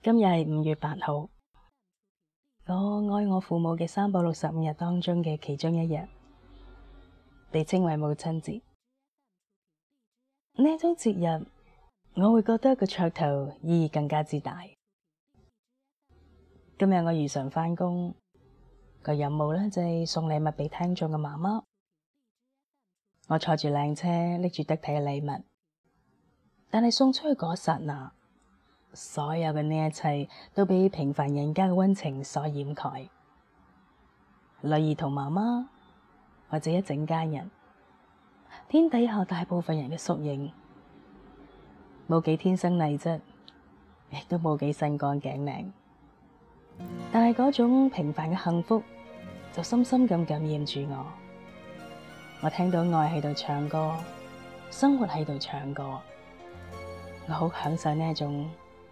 今日係五月八號，我愛我父母嘅三百六十五日當中嘅其中一日，被稱為母親節。呢種節日我會覺得個噱頭意義更加之大。今日我如常返工，個任務咧就係送禮物俾聽眾嘅媽媽。我坐住靚車，拎住得體嘅禮物，但係送出去嗰剎那。所有嘅呢一切，都俾平凡人家嘅溫情所掩蓋。女兒同媽媽，或者一整家人，天底下大部分人嘅縮影，冇幾天生麗質，亦都冇幾身干頸靚。但係嗰種平凡嘅幸福，就深深咁感染住我。我聽到愛喺度唱歌，生活喺度唱歌，我好享受呢一種。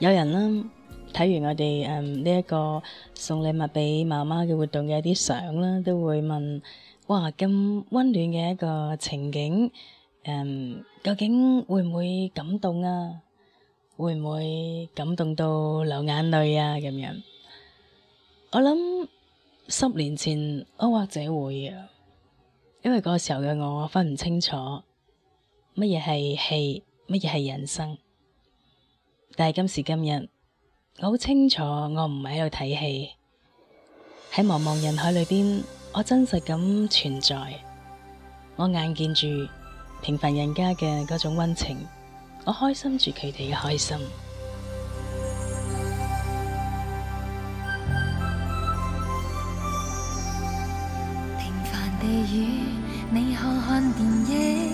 有人啦，睇完我哋嗯，呢一個送禮物俾媽媽嘅活動嘅一啲相啦，都會問：哇，咁溫暖嘅一個情景，嗯，究竟會唔會感動啊？會唔會感動到流眼淚啊？咁樣，我諗十年前，我或者會啊，因為嗰個時候嘅我分唔清楚乜嘢係戲，乜嘢係人生。但係今時今日，我好清楚，我唔係喺度睇戲，喺茫茫人海裏邊，我真實咁存在，我眼見住平凡人家嘅嗰種溫情，我開心住佢哋嘅開心。平凡地與你看看電影，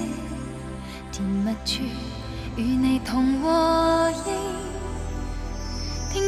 甜蜜處與你同窩。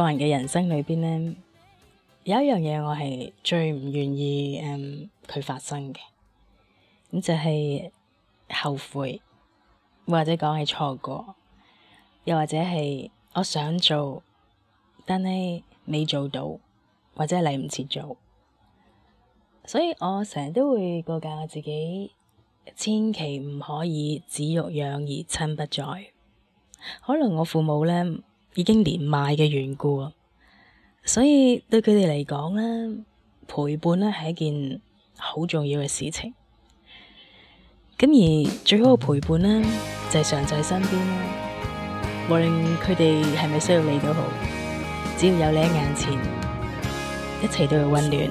個人嘅人生裏邊呢，有一樣嘢我係最唔願意佢、嗯、發生嘅，咁就係、是、後悔，或者講係錯過，又或者係我想做，但係未做到，或者係嚟唔切做，所以我成日都會告誡我自己，千祈唔可以子欲養而親不在。可能我父母咧。已經連麥嘅緣故啊，所以對佢哋嚟講咧，陪伴咧係一件好重要嘅事情。咁而最好嘅陪伴咧，就係常在身邊，無論佢哋係咪需要你都好，只要有你喺眼前，一切都會溫暖。